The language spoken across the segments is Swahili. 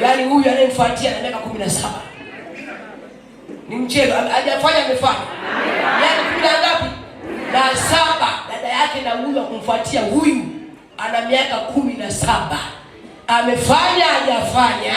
yaani huyu anayemfuatia na miaka kumi na saba ni mchelo, hajafanya amefanya miaka yaani kumi na ngapi na saba, dada yake na huyu akumfuatia huyu ana miaka kumi na saba amefanya hajafanya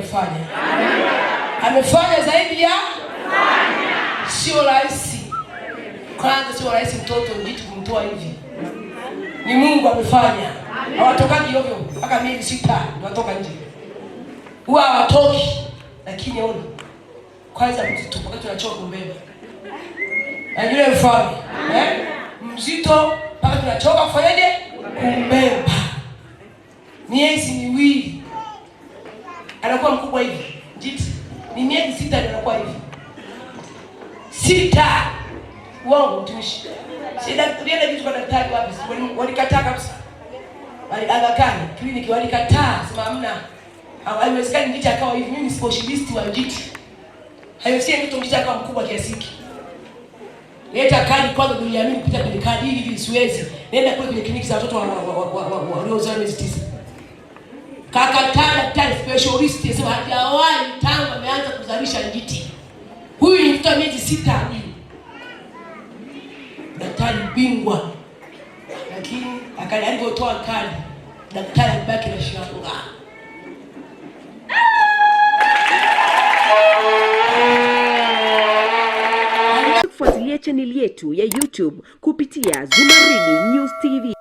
amefanya, amefanya zaidi ya sio rahisi. Kwanza sio rahisi mtoto njiti kumtoa hivi, ni Mungu amefanya. Hawatokaji ovyo, mpaka miezi sita watoka nje, huwa hawatoki. Lakini ona kwanza mzito, tunachoka kumbeba na yule mfano eh, mzito mpaka tunachoka kufanyaje? Kumbeba miezi miwili anakuwa mkubwa hivi jiti, ni miezi sita anakuwa hivi sita. Uongo mtumishi, shida vitu kwa daktari wapi? Walikataa kabisa, waliagakana kliniki, walikataa sema amna haiwezekani jiti akawa hivi. Mimi specialist wa jiti, haiwezekani mtu mjiti akawa mkubwa kiasi hiki. Leta kadi kwanza duniani kupita kwenye kadi hili hivi siwezi. Nenda kule kwenye kliniki za watoto wa wa wa wa wa wa wa wa wa wa wa wa specialist sema hajawahi tangu ameanza kuzalisha njiti. Huyu ni mtoto miezi sita hadi daktari bingwa, lakini akali alivyotoa kadi, daktari alibaki na shauri. Fuatilia chaneli yetu ya YouTube kupitia Zumaridi News TV.